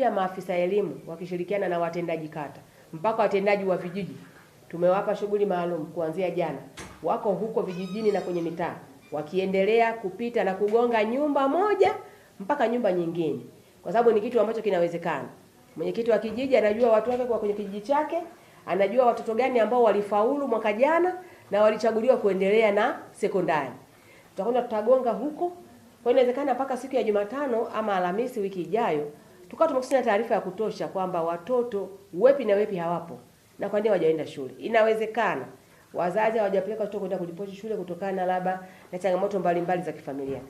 Pia maafisa elimu wakishirikiana na watendaji kata mpaka watendaji wa vijiji tumewapa shughuli maalum kuanzia jana, wako huko vijijini na kwenye mitaa wakiendelea kupita na kugonga nyumba moja mpaka nyumba nyingine, kwa sababu ni kitu ambacho kinawezekana. Mwenyekiti wa kijiji anajua watu wake kwa kwenye kijiji chake, anajua watoto gani ambao walifaulu mwaka jana na walichaguliwa kuendelea na sekondari. Tutakwenda tutagonga huko, kwa inawezekana mpaka siku ya Jumatano ama Alhamisi wiki ijayo tukawa tumekusanya taarifa ya kutosha kwamba watoto wepi na wepi hawapo na kwa nini hawajaenda shule. Inawezekana wazazi hawajapeleka watoto kwenda kuripoti shule kutokana na labda na changamoto mbalimbali za kifamilia.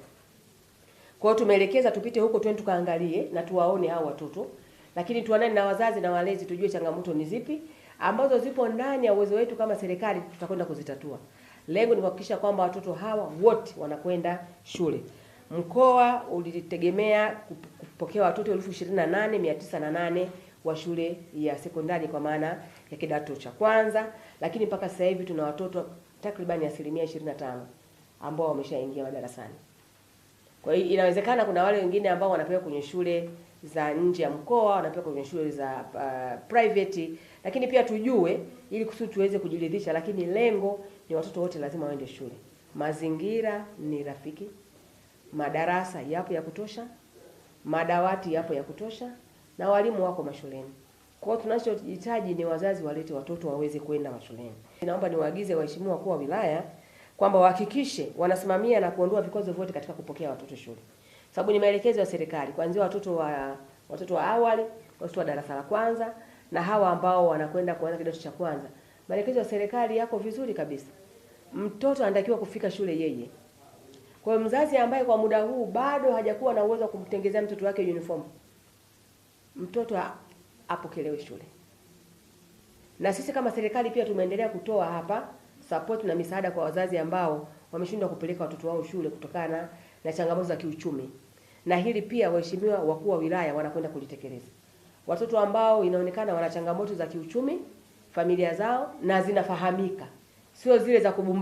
Kwa hiyo tumeelekeza tupite huko, twende tukaangalie na tuwaone hao watoto, lakini tuonane na wazazi na walezi, tujue changamoto ni zipi ambazo zipo ndani ya uwezo wetu kama serikali, tutakwenda kuzitatua. Lengo ni kuhakikisha kwamba watoto hawa wote wanakwenda shule. Mkoa ulitegemea kupokea watoto elfu ishirini na nane mia tisa na nane wa shule ya sekondari kwa maana ya kidato cha kwanza, lakini mpaka sasa hivi tuna watoto takribani asilimia 25 ambao wameshaingia madarasani. Kwa hiyo inawezekana kuna wale wengine ambao wanapewa kwenye shule za nje ya mkoa, wanapewa kwenye shule za uh, private, lakini pia tujue ili kusudi tuweze kujiridhisha, lakini lengo ni watoto wote lazima waende shule. Mazingira ni rafiki, madarasa yapo ya kutosha madawati yapo ya kutosha na walimu wako mashuleni. Kwa hiyo tunachohitaji ni wazazi walete watoto waweze kwenda mashuleni. Naomba niwaagize waheshimiwa wakuu wa wilaya kwamba wahakikishe wanasimamia na kuondoa vikwazo vyote katika kupokea watoto shule, sababu ni maelekezo ya serikali kuanzia watoto wa watoto wa awali, watoto wa darasa la kwanza na hawa ambao wanakwenda kuanza kidato cha kwanza. Maelekezo ya serikali yako vizuri kabisa. Mtoto anatakiwa kufika shule yeye kwa mzazi ambaye kwa muda huu bado hajakuwa na uwezo wa kumtengezea mtoto wake uniform, mtoto apokelewe shule. Na sisi kama serikali pia tumeendelea kutoa hapa support na misaada kwa wazazi ambao wameshindwa kupeleka watoto wao shule kutokana na changamoto za kiuchumi, na hili pia waheshimiwa wakuu wa wilaya wanakwenda kulitekeleza. Watoto ambao inaonekana wana changamoto za kiuchumi familia zao, na zinafahamika, sio zile za kubumba